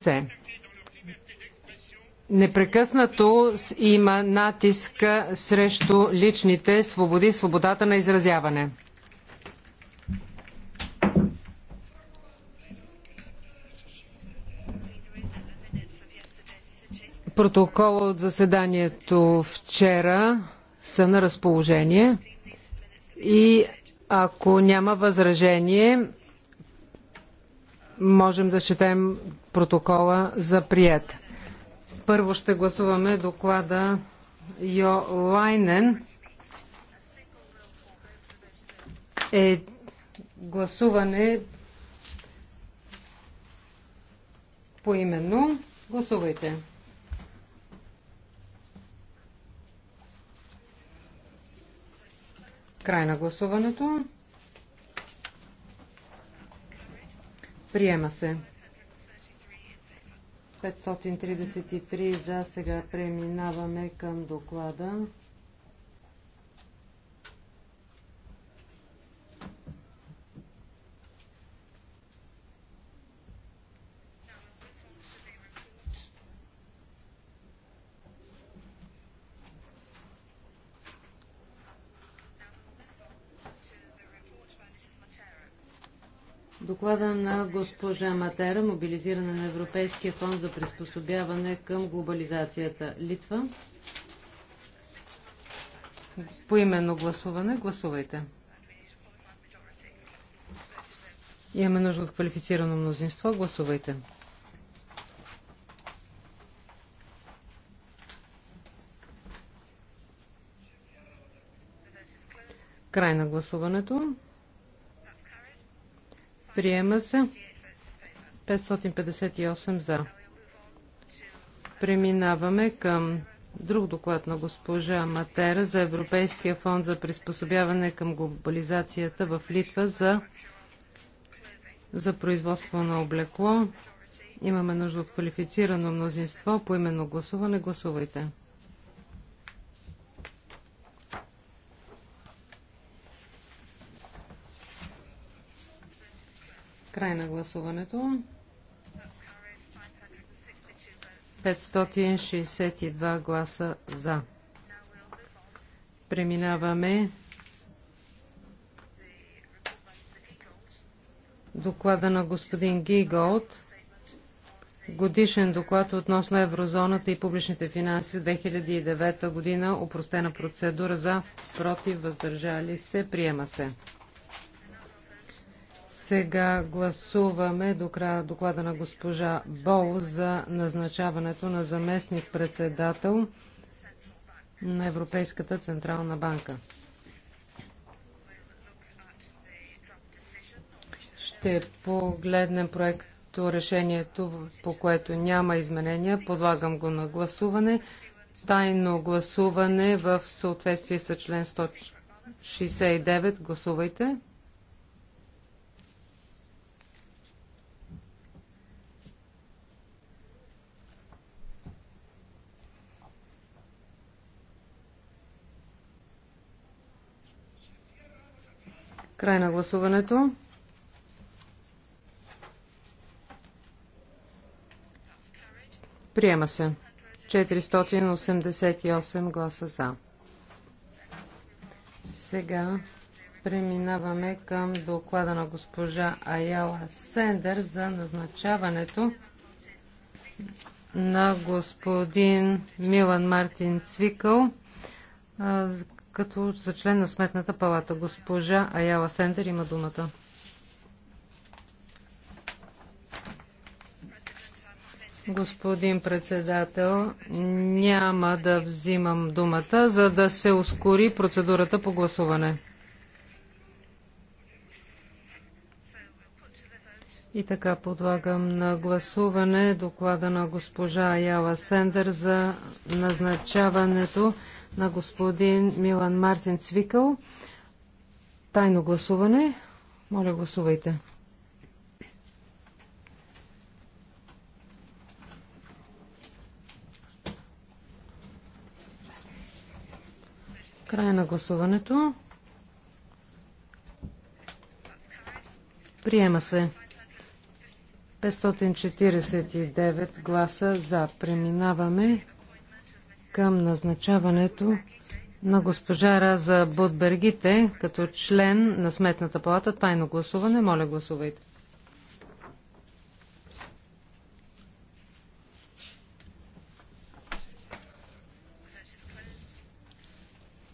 лице. Непрекъснато има натиск срещу личните свободи, свободата на изразяване. Протокола от заседанието вчера са на разположение и ако няма възражение, можем да четем протокола за прият. Първо ще гласуваме доклада Йо Лайнен. Е гласуване поименно. Гласувайте. Край на гласуването. Приема се. 533 за. Сега преминаваме към доклада. Доклада на госпожа Матера, мобилизиране на Европейския фонд за приспособяване към глобализацията. Литва. По именно гласуване. Гласувайте. Имаме нужда от квалифицирано мнозинство. Гласувайте. Край на гласуването. Приема се. 558 за. Преминаваме към друг доклад на госпожа Матера за Европейския фонд за приспособяване към глобализацията в Литва за, за производство на облекло. Имаме нужда от квалифицирано мнозинство. По именно гласуване гласувайте. Край на гласуването. 562 гласа за. Преминаваме доклада на господин Гиголд. Годишен доклад относно еврозоната и публичните финанси 2009 година. Упростена процедура за против въздържали се. Приема се. Сега гласуваме до края доклада на госпожа Бол за назначаването на заместник-председател на Европейската Централна банка. Ще погледнем проекто решението, по което няма изменения. Подлагам го на гласуване. Тайно гласуване в съответствие с член 169. Гласувайте. Край на гласуването. Приема се. 488 гласа за. Сега преминаваме към доклада на госпожа Аяла Сендер за назначаването на господин Милан Мартин Цвикъл като за член на Сметната палата. Госпожа Аяла Сендер има думата. Господин председател, няма да взимам думата, за да се ускори процедурата по гласуване. И така подлагам на гласуване доклада на госпожа Аяла Сендер за назначаването на господин Милан Мартин Цвикъл. Тайно гласуване. Моля, гласувайте. Край на гласуването. Приема се 549 гласа за. Преминаваме към назначаването на госпожа Раза Будбергите като член на Сметната палата. Тайно гласуване. Моля, гласувайте.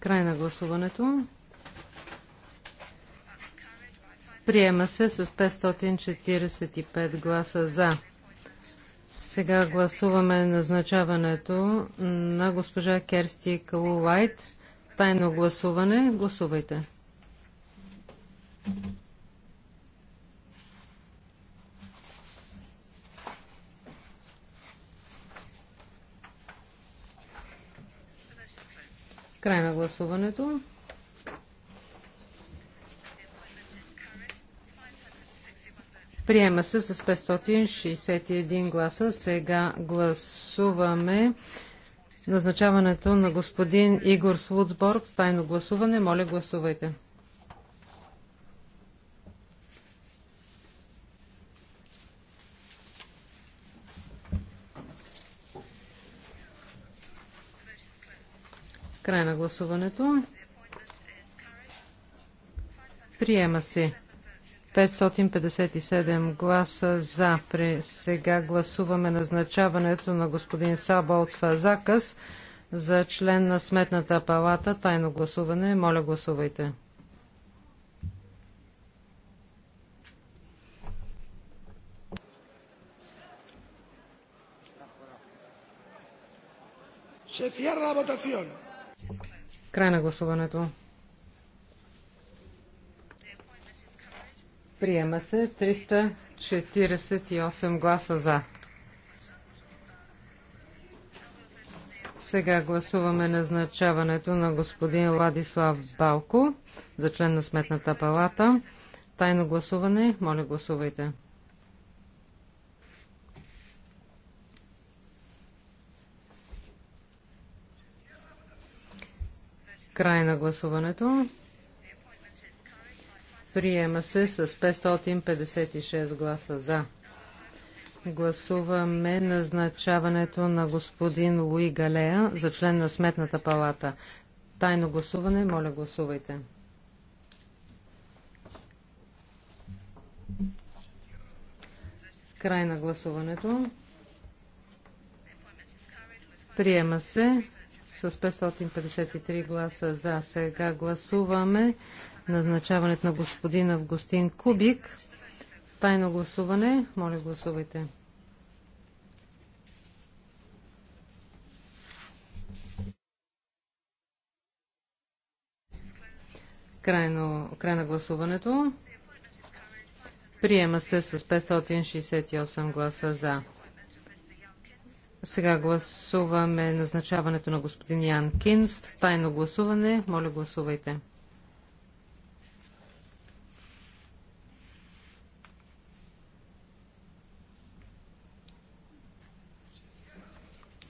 Край на гласуването. Приема се с 545 гласа за. Сега гласуваме назначаването на госпожа Керсти Калулайт. Тайно гласуване. Гласувайте. Край на гласуването. Приема се с 561 гласа. Сега гласуваме назначаването на господин Игор Слуцборг с тайно гласуване. Моля, гласувайте. Край на гласуването. Приема се. 557 гласа за. При сега гласуваме назначаването на господин Саболт от Фазакас за член на Сметната палата. Тайно гласуване. Моля, гласувайте. Край на гласуването. Приема се 348 гласа за. Сега гласуваме назначаването на господин Владислав Балко за член на Сметната палата. Тайно гласуване. Моля, гласувайте. Край на гласуването. Приема се с 556 гласа за. Гласуваме назначаването на господин Луи Галея за член на Сметната палата. Тайно гласуване, моля гласувайте. Край на гласуването. Приема се с 553 гласа за. Сега гласуваме назначаването на господин Августин Кубик. Тайно гласуване. Моля, гласувайте. Крайно, край на гласуването. Приема се с 568 гласа за. Сега гласуваме назначаването на господин Ян Кинст. Тайно гласуване. Моля, гласувайте.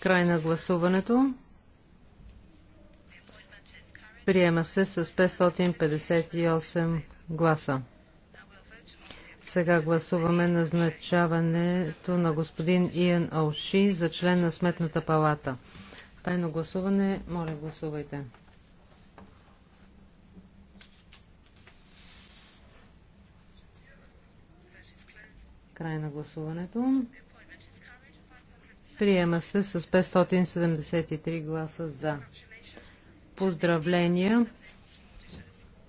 Край на гласуването. Приема се с 558 гласа. Сега гласуваме назначаването на господин Иен Алши за член на Сметната палата. Тайно гласуване, моля гласувайте. Край на гласуването. Приема се с 573 гласа за. Поздравления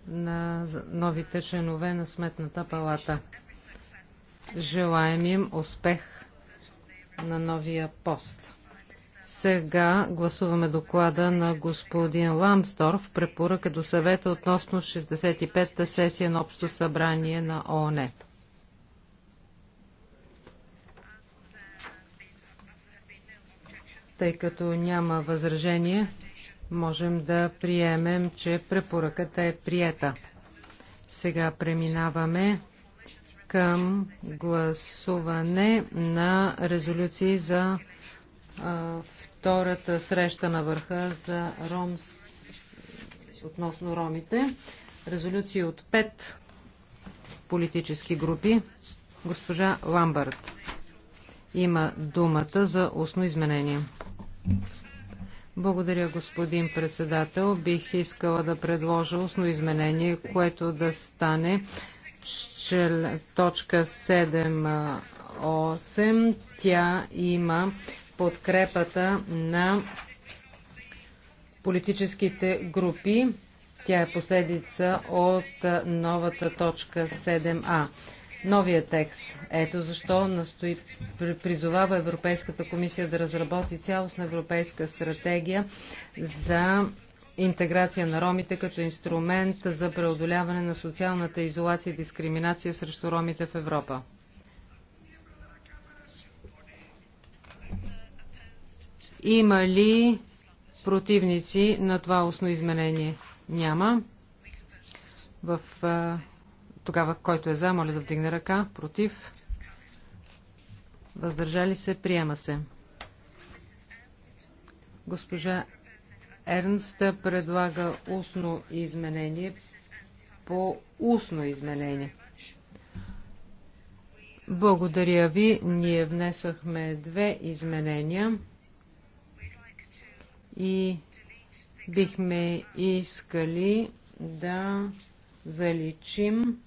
на новите членове на Сметната палата. Желаем им успех на новия пост. Сега гласуваме доклада на господин Ламсторф, препоръка до съвета относно 65-та сесия на Общо събрание на ООН. Тъй като няма възражение, можем да приемем, че препоръката е приета. Сега преминаваме към гласуване на резолюции за а, втората среща на върха за ромс относно ромите. Резолюции от пет политически групи. Госпожа Ламбард има думата за устно изменение. Благодаря, господин председател. Бих искала да предложа устно изменение, което да стане че, точка 7.8. Тя има подкрепата на политическите групи. Тя е последица от новата точка 7а новия текст. Ето защо настои, призовава Европейската комисия да разработи цялостна европейска стратегия за интеграция на ромите като инструмент за преодоляване на социалната изолация и дискриминация срещу ромите в Европа. Има ли противници на това устно изменение? Няма. В тогава, който е за, моля да вдигне ръка. Против. Въздържали се. Приема се. Госпожа Ернст предлага устно изменение по устно изменение. Благодаря ви. Ние внесахме две изменения и бихме искали да заличим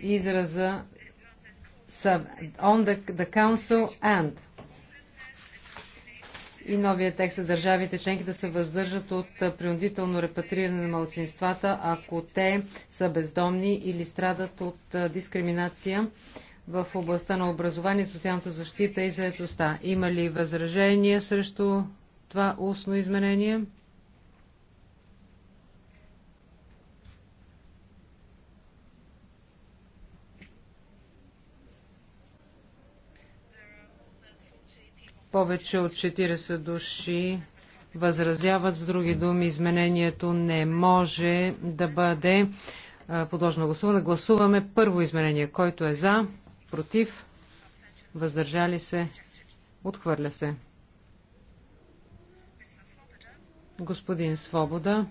израза on the, the council and и новия текст е държавите членки да се въздържат от принудително репатриране на малцинствата, ако те са бездомни или страдат от дискриминация в областта на образование, социалната защита и заедостта. Има ли възражения срещу това устно изменение? Повече от 40 души възразяват. С други думи, изменението не може да бъде подложено гласуване. Гласуваме първо изменение. Който е за, против, въздържали се, отхвърля се. Господин Свобода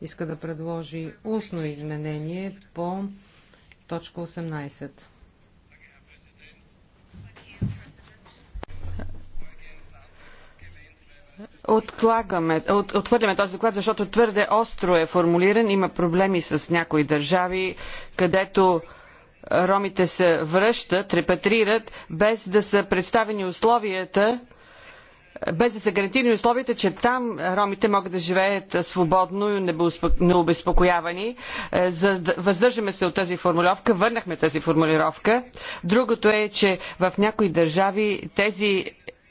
иска да предложи устно изменение по точка 18. отлагаме, от, отхвърляме този доклад, защото твърде остро е формулиран. Има проблеми с някои държави, където ромите се връщат, репатрират, без да са представени условията, без да са гарантирани условията, че там ромите могат да живеят свободно и необезпокоявани. Е, за да въздържаме се от тази формулировка, върнахме тази формулировка. Другото е, че в някои държави тези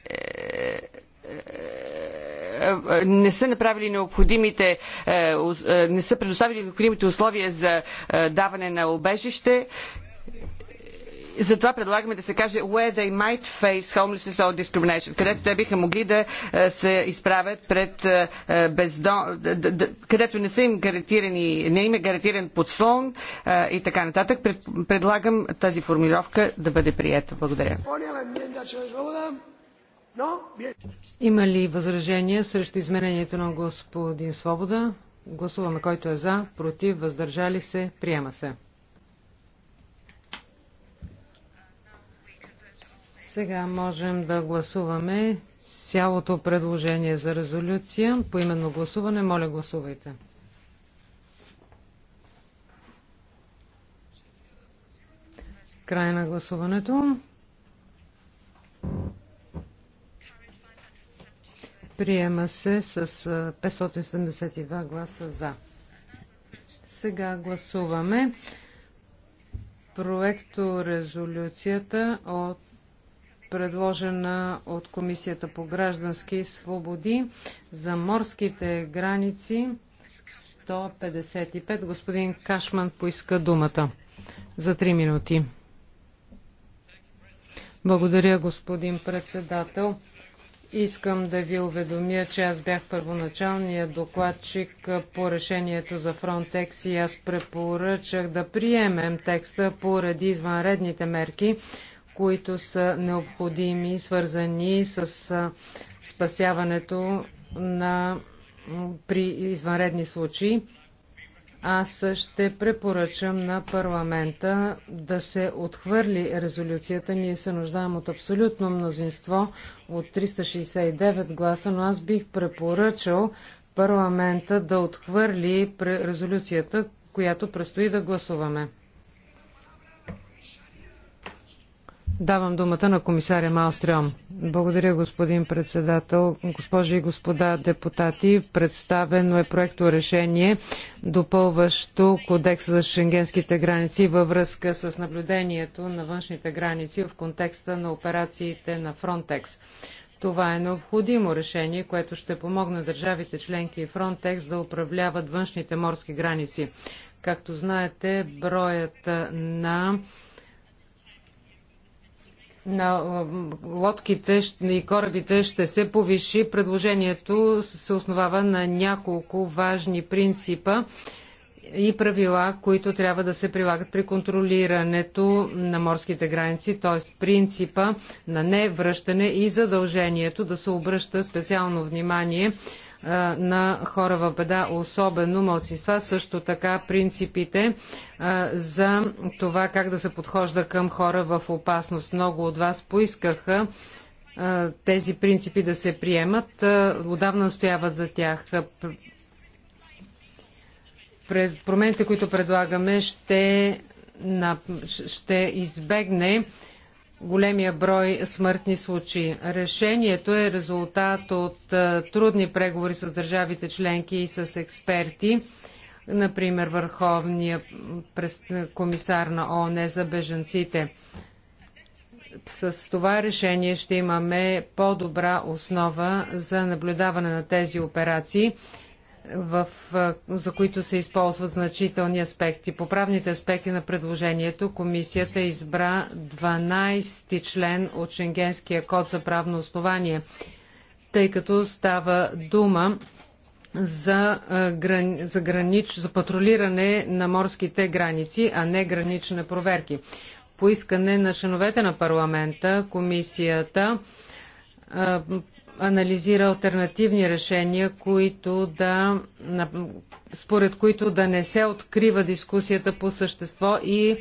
е, е, не са направили необходимите, е, е, не са предоставили необходимите условия за е, даване на обежище затова предлагаме да се каже where they might face homelessness or discrimination, където те биха могли да се изправят пред бездом... където не са им гарантирани, не им е гарантиран подслон и така нататък. Предлагам тази формулировка да бъде приета. Благодаря. Има ли възражения срещу изменението на господин Свобода? Гласуваме който е за, против, въздържали се, приема се. Сега можем да гласуваме цялото предложение за резолюция. По именно гласуване, моля гласувайте. Край на гласуването. Приема се с 572 гласа за. Сега гласуваме проекто резолюцията от предложена от Комисията по граждански свободи за морските граници 155. Господин Кашман поиска думата за 3 минути. Благодаря, господин председател. Искам да ви уведомя, че аз бях първоначалният докладчик по решението за Frontex и аз препоръчах да приемем текста поради извънредните мерки, които са необходими, свързани с спасяването на при извънредни случаи. Аз ще препоръчам на парламента да се отхвърли резолюцията. Ние се нуждаем от абсолютно мнозинство от 369 гласа, но аз бих препоръчал парламента да отхвърли резолюцията, която предстои да гласуваме. Давам думата на комисаря Маустриом. Благодаря, господин председател. Госпожи и господа депутати, представено е проекто решение, допълващо Кодекса за шенгенските граници във връзка с наблюдението на външните граници в контекста на операциите на Фронтекс. Това е необходимо решение, което ще помогне държавите членки и Фронтекс да управляват външните морски граници. Както знаете, броят на на лодките и корабите ще се повиши. Предложението се основава на няколко важни принципа и правила, които трябва да се прилагат при контролирането на морските граници, т.е. принципа на невръщане и задължението да се обръща специално внимание на хора в беда, особено младсинства, също така принципите за това как да се подхожда към хора в опасност. Много от вас поискаха тези принципи да се приемат, отдавна настояват за тях. Промените, които предлагаме, ще, ще избегне големия брой смъртни случаи. Решението е резултат от трудни преговори с държавите членки и с експерти, например Върховния комисар на ООН за беженците. С това решение ще имаме по-добра основа за наблюдаване на тези операции в, за които се използват значителни аспекти. По правните аспекти на предложението комисията избра 12 член от Шенгенския код за правно основание, тъй като става дума за, грани, за, гранич, за патрулиране на морските граници, а не гранични проверки. По искане на членовете на парламента комисията анализира альтернативни решения, които да, според които да не се открива дискусията по същество и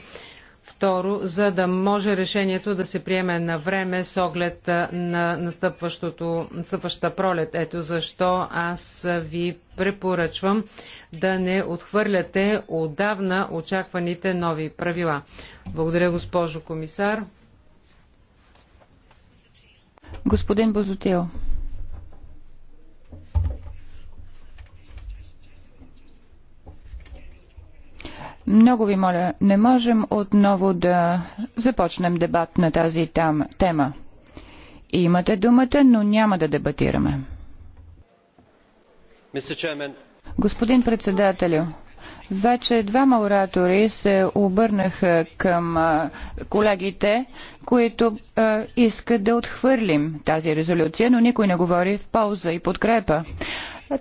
второ, за да може решението да се приеме на време с оглед на настъпващото настъпващата пролет. Ето защо аз ви препоръчвам да не отхвърляте отдавна очакваните нови правила. Благодаря, госпожо комисар. Господин Бозотил. Много ви моля, не можем отново да започнем дебат на тази там, тема. Имате думата, но няма да дебатираме. Господин председателю, вече двама оратори се обърнаха към колегите, които е, искат да отхвърлим тази резолюция, но никой не говори в полза и подкрепа.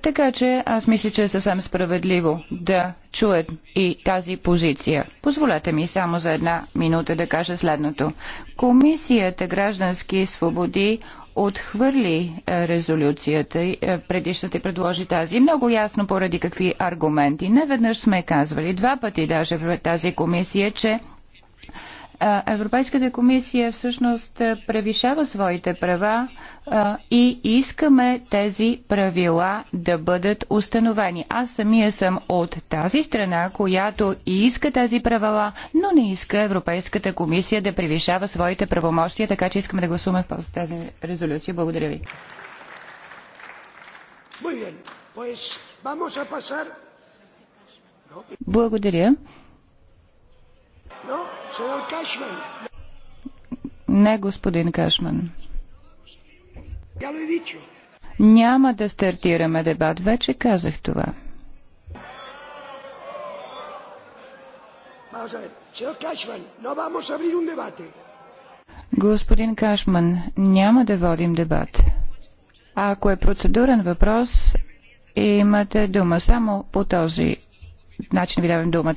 Така че аз мисля, че е съвсем справедливо да чуят и тази позиция. Позволете ми само за една минута да кажа следното. Комисията граждански свободи отхвърли е, резолюцията, и е, предишната и предложи тази. Много ясно поради какви аргументи. Не веднъж сме казвали, два пъти даже в тази комисия, че Европейската комисия всъщност превишава своите права и искаме тези правила да бъдат установени. Аз самия съм от тази страна, която и иска тези правила, но не иска Европейската комисия да превишава своите правомощия, така че искаме да гласуваме в тази резолюция. Благодаря ви. Благодаря. Не, господин Кашман. Няма да стартираме дебат. Вече казах това. Господин Кашман, няма да водим дебат. ако е процедурен въпрос, имате дума само по този начин ви давам думата.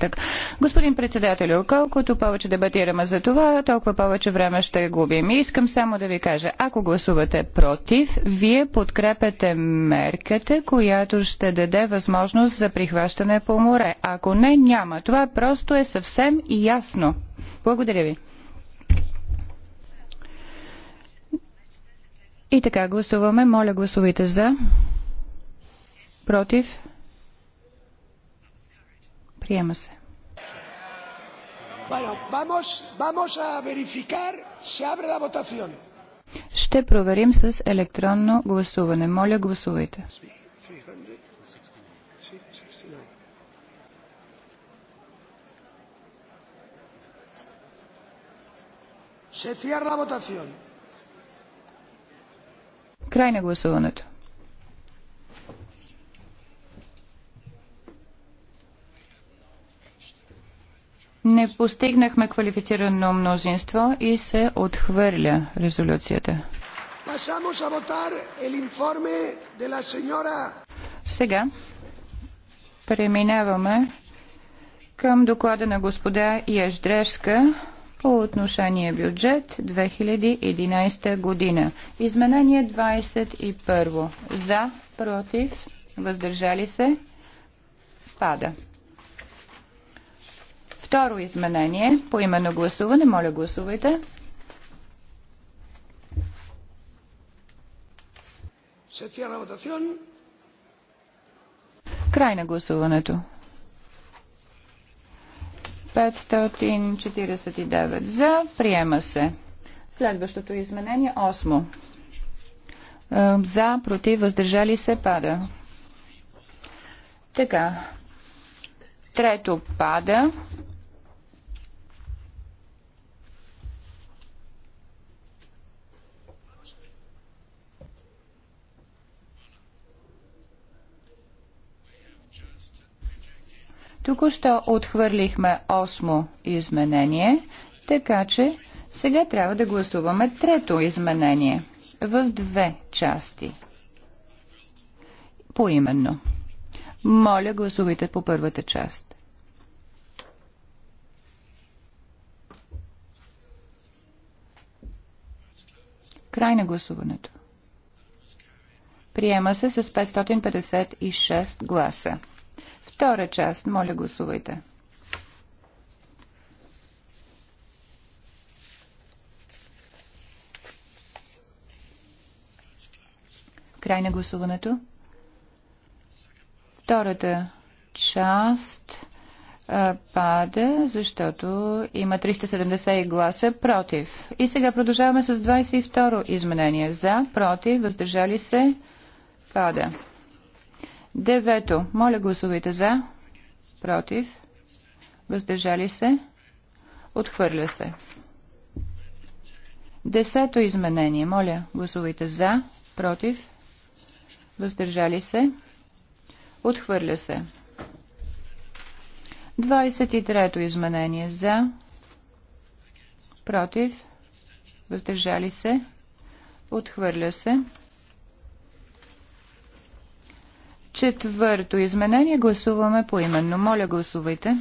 Господин председателю, колкото повече дебатираме за това, толкова повече време ще губим. И искам само да ви кажа, ако гласувате против, вие подкрепяте мерката, която ще даде възможност за прихващане по море. Ако не, няма. Това просто е съвсем ясно. Благодаря ви. И така гласуваме. Моля гласувайте за. Против. Приема се. Ще проверим с електронно гласуване. Моля, гласувайте. Край на гласуването. Не постигнахме квалифицирано мнозинство и се отхвърля резолюцията. Сега преминаваме към доклада на господа Яждрешка по отношение бюджет 2011 година. Изменение 21. За, против, въздържали се, пада. Второ изменение по именно гласуване. Моля, гласувайте. Край на гласуването. 549 за. Приема се. Следващото изменение, 8. Е, за, против, въздържали се, пада. Така. Трето пада. Току-що отхвърлихме осмо изменение, така че сега трябва да гласуваме трето изменение в две части. Поименно. Моля, гласувайте по първата част. Край на гласуването. Приема се с 556 гласа. Втора част. Моля, гласувайте. Край на гласуването. Втората част а, пада, защото има 370 гласа против. И сега продължаваме с 22 изменение. За, против, въздържали се, пада. Девето. Моля гласувайте за. Против. Въздържали се. Отхвърля се. Десето изменение. Моля гласувайте за. Против. Въздържали се. Отхвърля се. 23-то изменение за, против, въздържали се, отхвърля се. Четвърто изменение гласуваме по именно. Моля, гласувайте.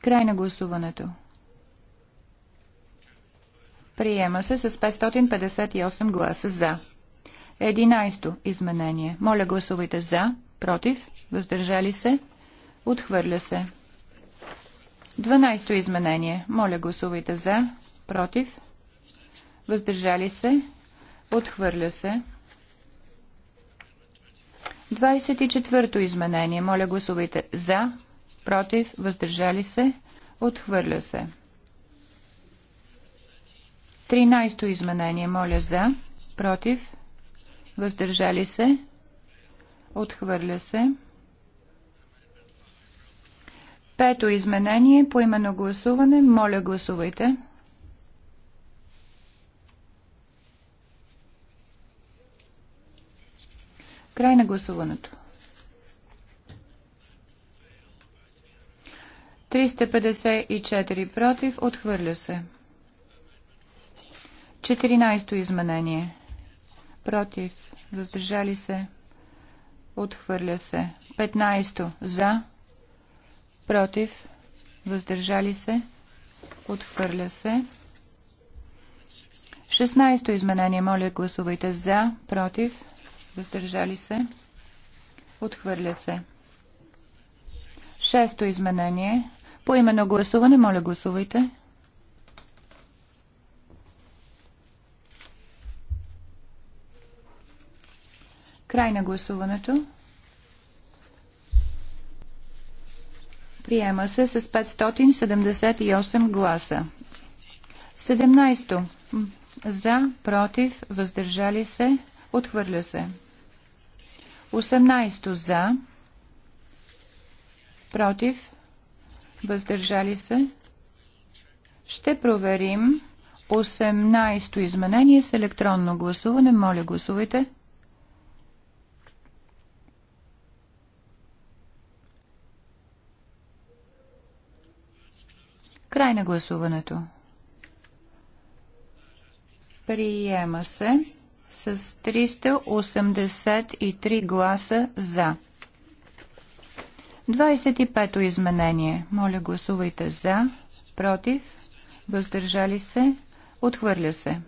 Край на гласуването. Приема се с 558 гласа за. Единайсто изменение. Моля гласувайте за, против, въздържали се, отхвърля се. Дванайсто изменение. Моля гласувайте за, против, въздържали се, Отхвърля се. 24-то изменение. Моля гласувайте за, против, въздържали се. Отхвърля се. 13-то изменение. Моля за, против, въздържали се. Отхвърля се. Пето изменение по именно гласуване. Моля гласувайте. Край на гласуването. 354 против. Отхвърля се. 14 то изменение. Против. Въздържали се. Отхвърля се. 15 за. Против. Въздържали се. Отхвърля се. 16 изменение. Моля, гласувайте за. Против въздържали се, отхвърля се. Шесто изменение. По именно гласуване, моля гласувайте. Край на гласуването. Приема се с 578 гласа. 17. За, против, въздържали се, отхвърля се. 18 за, против, въздържали се. Ще проверим 18-то изменение с електронно гласуване. Моля, гласувайте. Край на гласуването. Приема се с 383 гласа за. 25-то изменение. Моля гласувайте за, против, въздържали се, отхвърля се.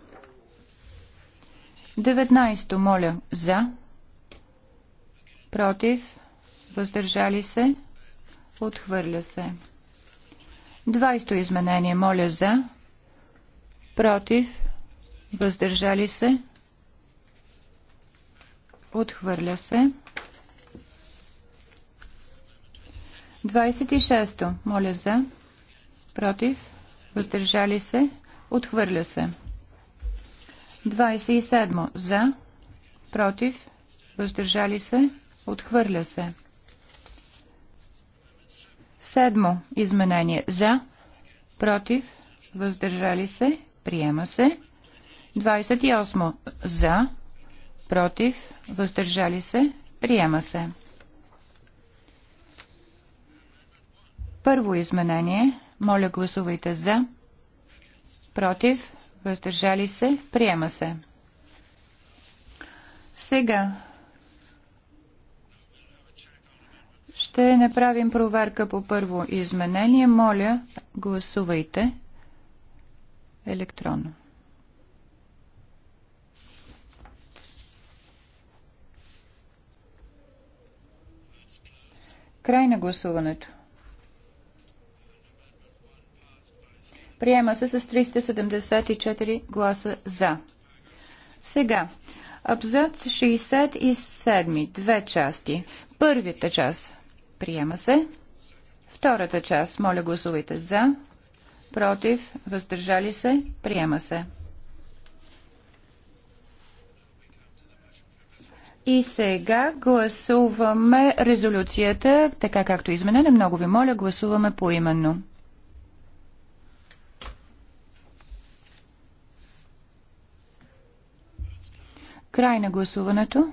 19-то моля за, против, въздържали се, отхвърля се. 20-то изменение. Моля за, против, въздържали се, отхвърля се. Отхвърля се. 26. Моля за. Против. Въздържали се. Отхвърля се. 27. За. Против. Въздържали се. Отхвърля се. Седмо изменение. За. Против. Въздържали се. Приема се. 28. За против, въздържали се, приема се. Първо изменение. Моля гласувайте за, против, въздържали се, приема се. Сега ще направим проверка по първо изменение. Моля, гласувайте електронно. Край на гласуването. Приема се с 374 гласа за. Сега, абзац 67, две части. Първата част приема се. Втората част, моля гласувайте за, против, въздържали се, приема се. И сега гласуваме резолюцията, така както е изменена. Много ви моля, гласуваме поименно. Край на гласуването.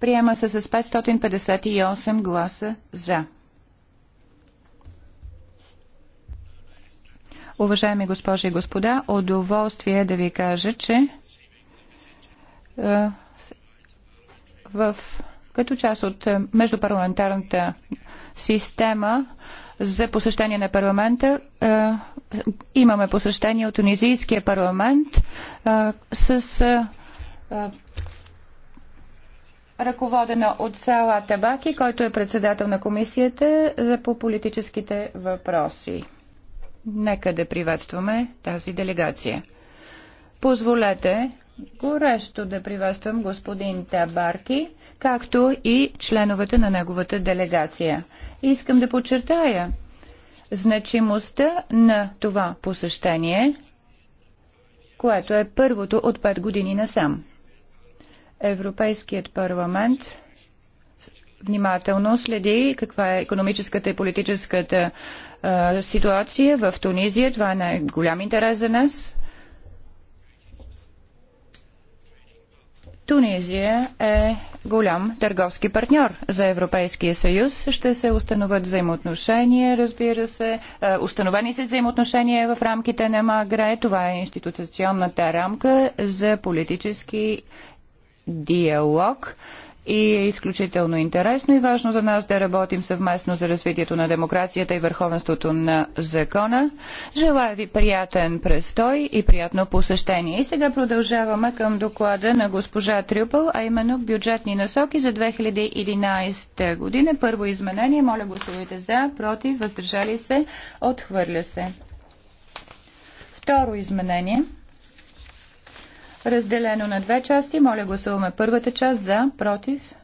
Приема се с 558 гласа за. Уважаеми госпожи и господа, удоволствие да ви кажа, че е, в, като част от е, междупарламентарната система за посещение на парламента. Е, имаме посещение от Тунизийския парламент с ръководена от Сала Табаки, който е председател на комисията за по политическите въпроси. Нека да приветстваме тази делегация. Позволете горещо да приветствам господин Табарки, както и членовете на неговата делегация. Искам да подчертая значимостта на това посещение, което е първото от пет години насам. Европейският парламент внимателно следи каква е економическата и политическата е, ситуация в Тунизия. Това е най-голям интерес за нас Тунизия е голям търговски партньор за Европейския съюз. Ще се установят взаимоотношения, разбира се. Е, установени се взаимоотношения в рамките на Магре. Това е институционната рамка за политически диалог и е изключително интересно и важно за нас да работим съвместно за развитието на демокрацията и върховенството на закона. Желая ви приятен престой и приятно посещение. И сега продължаваме към доклада на госпожа Трюпъл, а именно бюджетни насоки за 2011 година. Първо изменение. Моля гласувайте за, против, въздържали се, отхвърля се. Второ изменение. Разделено на две части. Моля гласуваме първата част за, против,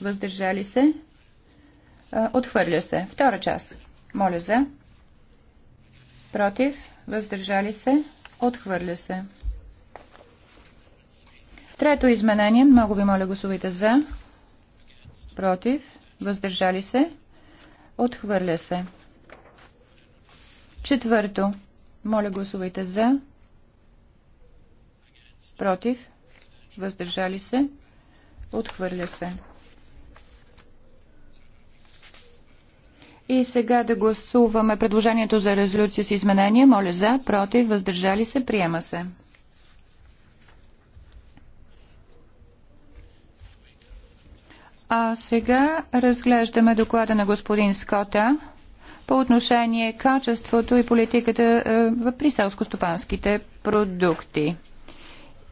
въздържали се, отхвърля се. Втора част. Моля за, против, въздържали се, отхвърля се. Трето изменение. Много ви моля гласувайте за, против, въздържали се, отхвърля се. Четвърто. Моля гласувайте за, против, против, въздържали се, отхвърля се. И сега да гласуваме предложението за резолюция с изменение. Моля за, против, въздържали се, приема се. А сега разглеждаме доклада на господин Скота по отношение качеството и политиката е, при селско-стопанските продукти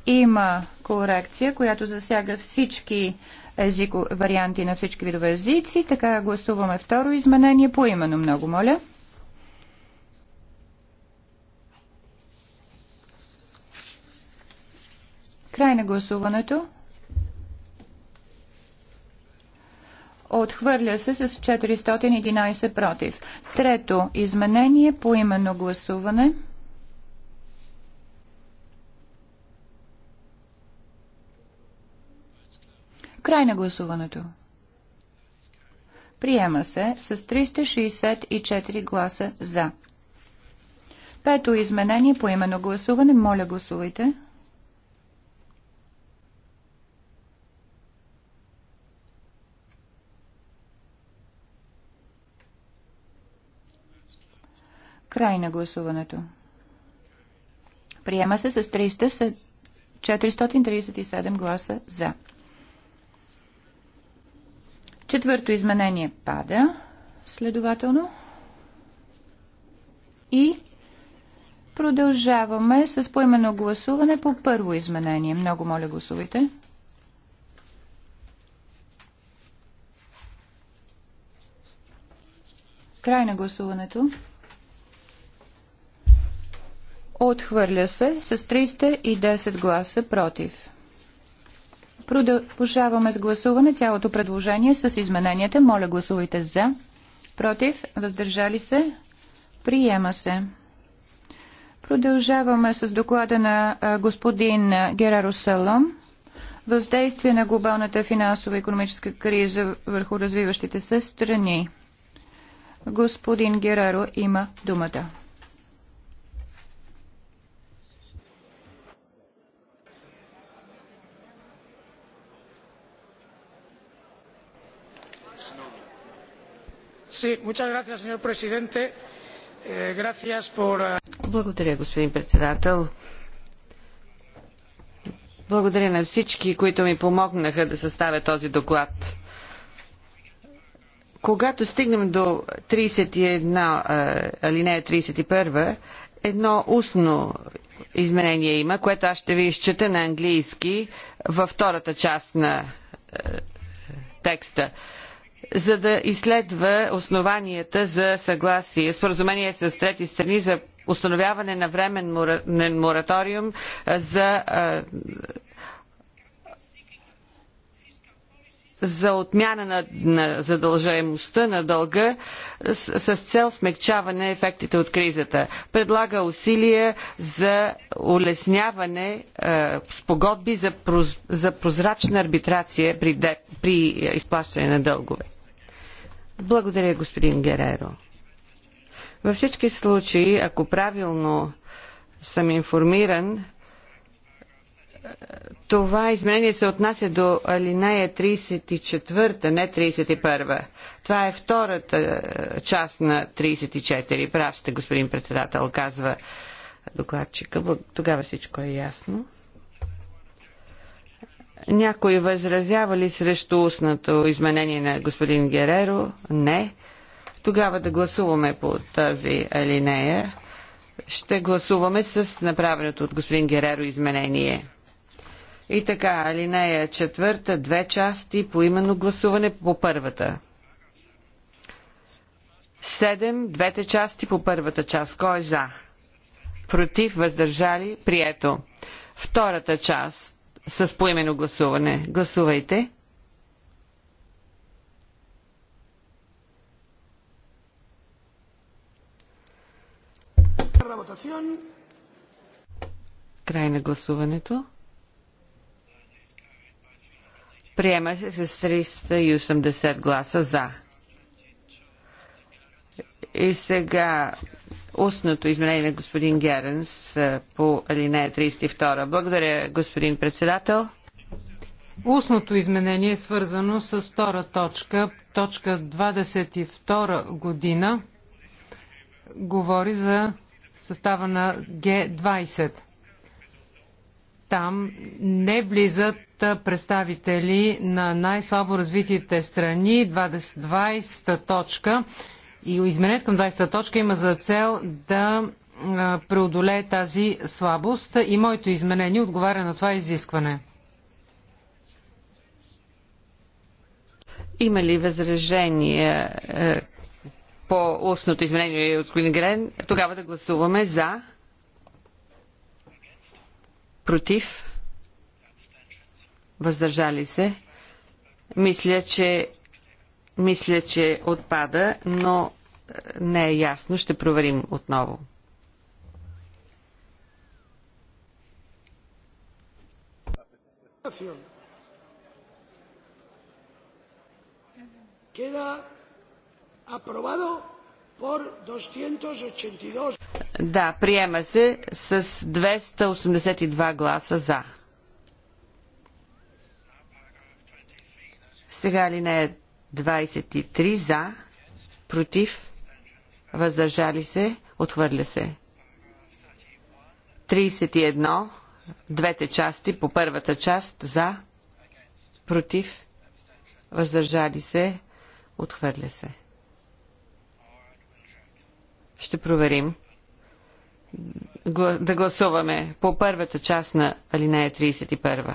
има корекция, която засяга всички езико, варианти на всички видове езици. Така гласуваме второ изменение по именно. Много моля. Край на гласуването. Отхвърля се с 411 против. Трето изменение по именно гласуване. Край на гласуването. Приема се с 364 гласа за. Пето изменение по именно гласуване. Моля, гласувайте. Край на гласуването. Приема се с 300, 437 гласа за. Четвърто изменение пада, следователно. И продължаваме с поименно гласуване по първо изменение. Много моля гласувайте. Край на гласуването. Отхвърля се с 310 гласа против. Продължаваме с гласуване цялото предложение с измененията. Моля гласувайте за, против, въздържали се, приема се. Продължаваме с доклада на господин Гераро Салом. Въздействие на глобалната финансова и економическа криза върху развиващите се страни. Господин Гераро има думата. Eh, eh, Благодаря, господин председател. Благодаря на всички, които ми помогнаха да съставя този доклад. Когато стигнем до 31, алинея 31, едно устно изменение има, което аз ще ви изчета на английски във втората част на текста за да изследва основанията за съгласие, споразумение с трети страни за установяване на временен мораториум за за отмяна на, на задължаемостта на дълга с, с цел смягчаване ефектите от кризата. Предлага усилия за улесняване с спогодби за, проз, за прозрачна арбитрация при, при изплащане на дългове. Благодаря, господин Гереро. Във всички случаи, ако правилно съм информиран, това изменение се отнася до алинея 34, не 31. Това е втората е, част на 34. Прав сте, господин председател, казва докладчика. Тогава всичко е ясно. Някои възразява ли срещу устното изменение на господин Гереро? Не. Тогава да гласуваме по тази алинея. Ще гласуваме с направеното от господин Гереро изменение. И така, алинея четвърта, две части по именно гласуване по първата. Седем, двете части по първата част. Кой е за? Против, въздържали, прието. Втората част с поимено гласуване. Гласувайте. Край на гласуването. Приема се с 380 гласа за. И сега устното изменение на господин Геренс по алинея 32. Благодаря, господин председател. Устното изменение е свързано с втора точка. Точка 22 година говори за състава на Г-20. Там не влизат представители на най-слабо развитите страни. 20, 20 точка и изменението към 20-та точка има за цел да преодолее тази слабост и моето изменение отговаря на това изискване. Има ли възражение е, по устното изменение от господин Грен? Тогава да гласуваме за, против, въздържали се. Мисля, че мисля, че отпада, но е, не е ясно. Ще проверим отново. Queda aprobado por 282. Да, приема се с 282 гласа за. Сега ли не е 23 за, против, въздържали се, отхвърля се. 31, двете части, по първата част, за, против, въздържали се, отхвърля се. Ще проверим. Да гласуваме по първата част на алинея 31.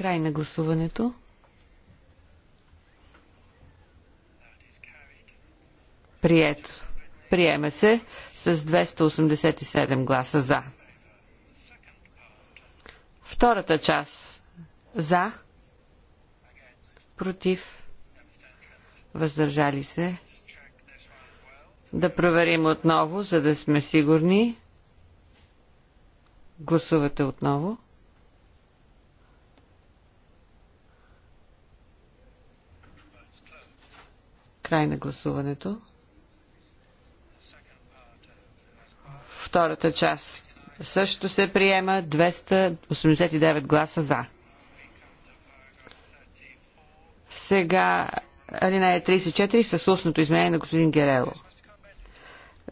Край на гласуването. Прието. Приема се с 287 гласа за. Втората част за, против, въздържали се. Да проверим отново, за да сме сигурни. Гласувате отново. Край на гласуването. Втората част също се приема 289 гласа за. Сега алинея 34 с устното изменение на господин Герело.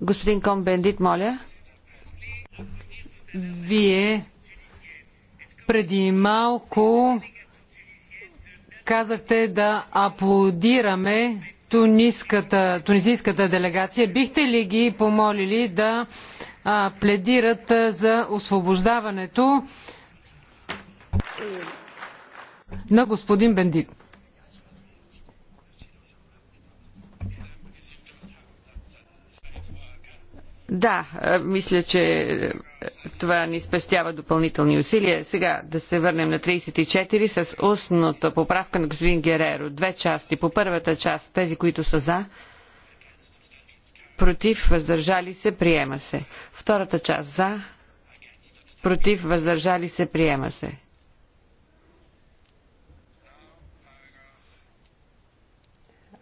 Господин Комбендит, моля. Вие преди малко казахте да аплодираме тунизийската делегация. Бихте ли ги помолили да а, пледират а, за освобождаването на господин Бендит? Да, мисля, че е, това ни спестява допълнителни усилия. Сега да се върнем на 34 с устната поправка на господин Гереро. Две части. По първата част, тези, които са за, против, въздържали се, приема се. Втората част за, против, въздържали се, приема се.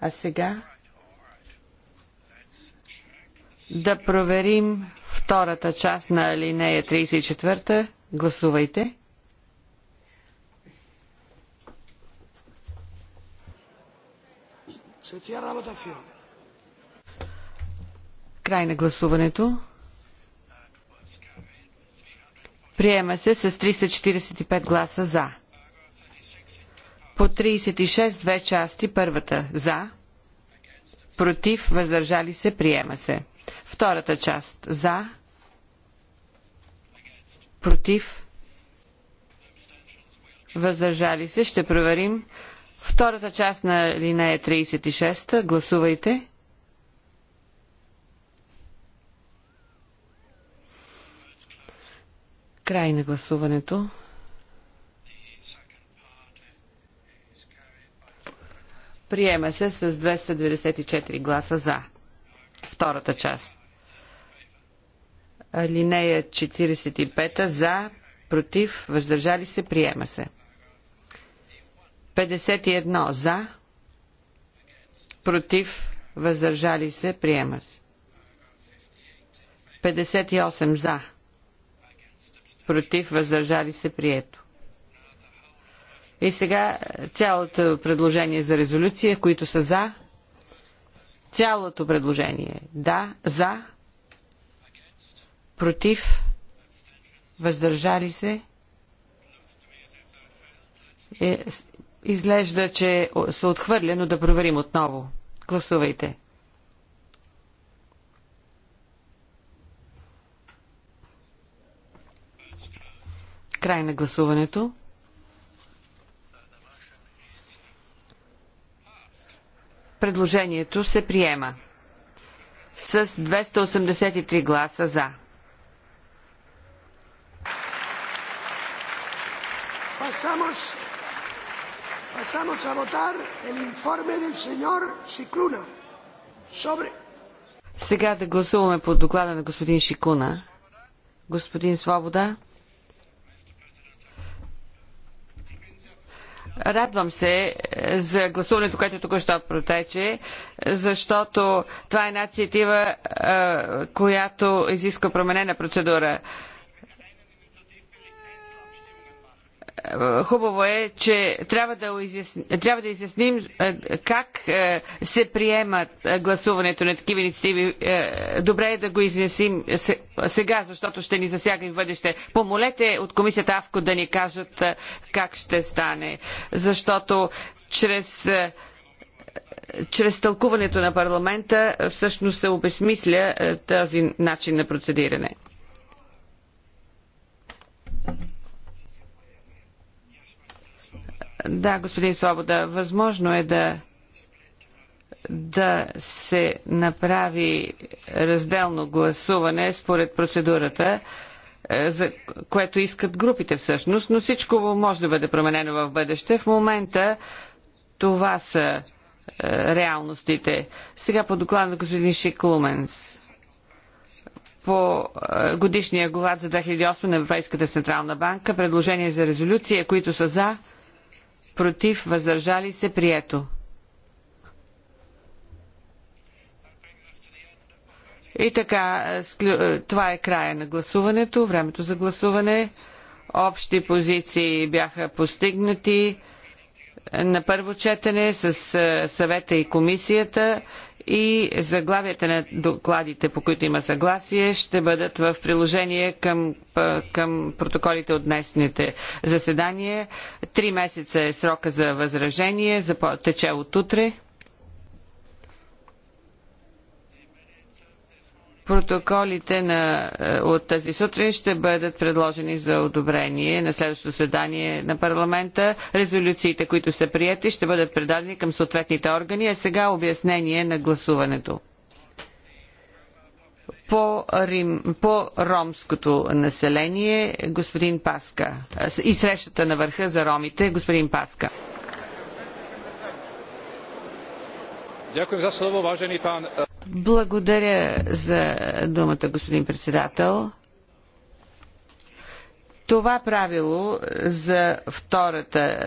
А сега да проверим втората част на линея 34. Гласувайте. Край на гласуването. Приема се с 345 гласа за. По 36 две части първата за. Против, въздържали се, приема се. Втората част за, против, въздържали се. Ще проверим. Втората част на линия 36. Гласувайте. Край на гласуването. Приема се с 294 гласа за. Втората част. Линея 45 за, против, въздържали се, приема се. 51 за, против, въздържали се, приема се. 58 за, против, въздържали се, прието. И сега цялото предложение за резолюция, които са за, цялото предложение. Да, за, против, въздържали се. Е, изглежда, че са отхвърля, но да проверим отново. Гласувайте. Край на гласуването. Предложението се приема с 283 гласа за. Pasamos, pasamos a votar el informe del señor sobre... Сега да гласуваме по доклада на господин Шикуна. Господин Свобода. Радвам се е, за гласуването, което току-що протече, защото това е инициатива, е, която изисква променена процедура. хубаво е, че трябва да, изясним, трябва да изясним е, как е, се приема е, гласуването на такива инициативи. Добре е да го изясним сега, защото ще ни засяга и в бъдеще. Помолете от комисията АВКО да ни кажат как ще стане, защото чрез чрез тълкуването на парламента всъщност се обесмисля този начин на процедиране. Да, господин Свобода, възможно е да да се направи разделно гласуване според процедурата, е, за което искат групите всъщност, но всичко може да бъде променено в бъдеще. В момента това са е, реалностите. Сега по доклада на господин Шиклуменс по е, годишния глад за 2008 на Европейската Централна банка, предложение за резолюция, които са за, против, въздържали се, прието. И така, е, това е края на гласуването, времето за гласуване. Общи позиции бяха постигнати на първо четене с е, съвета и комисията и заглавията на докладите, по които има съгласие, ще бъдат в приложение към, към протоколите от днесните заседания. Три месеца е срока за възражение, за тече от утре. Протоколите на, е, от тази сутрин ще бъдат предложени за одобрение на следващото заседание на парламента. Резолюциите, които са прияти, ще бъдат предадени към съответните органи, а сега обяснение на гласуването. По, Рим, по ромското население, господин Паска и срещата на върха за ромите, господин Паска. E, Благодаря за думата, господин председател. Това правило за втората